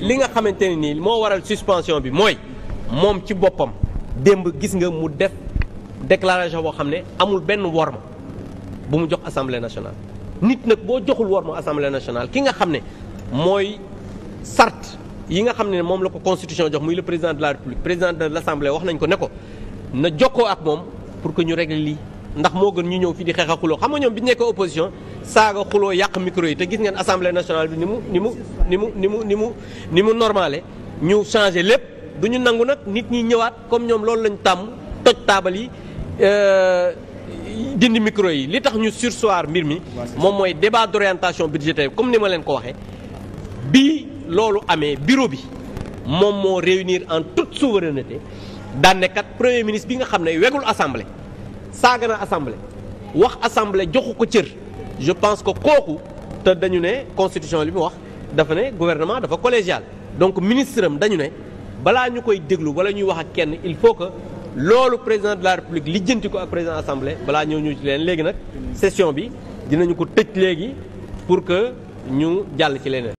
li nga xamante ne nii moo waral suspension bi mooy moom ci boppam démb gis nga mu def déclaration boo xam ne amul benn worma bu mu jox assemblée nationale. nit nag boo joxul worma assemblée nationale ki nga xam ne mooy sart yi nga xam ne moom la ko constitution jox muy le président de la république président de l' assemblée wax nañ ko ne ko na ko ak moom pour que ñu régler lii ndax moo gën ñu ñëw fii di xeexakuloo xam nga ñoom bi ñu nekkee opposition. saaga xuloo yàq micro yi te gis ngeen assemblée nationale bi ni mu ni mu ni mu ni mu ni mu ni mu normalé ñu changé lépp du ñu nangu nag nit ñi ñëwaat comme ñoom loolu lañu tàmm toj taabal yi euh, dindi micro yi li tax ñu sursoir mbir mi moom mooy débat d'orientation budgétaire comme ni ma leen ko waxee bii loolu amee bureau bi moom moo réunir en toute souveraineté daanne kat premier ministre bi nga xam ne wegul assemblée saaga na assemblée wax assemblée joxu ko cër je pense que kooku te dañu ne constitution li mu wax dafa ne gouvernement dafa collégial donc ministre am dañu ne balaa ñu koy déglu wala ñuy wax ak kenn il faut que loolu président de la république lijjanti ko ak président assemblée balaa ñëw ñu ci leen léegi nag session bi dinañu ko tëj léegi pour que ñu jàll ci leneen.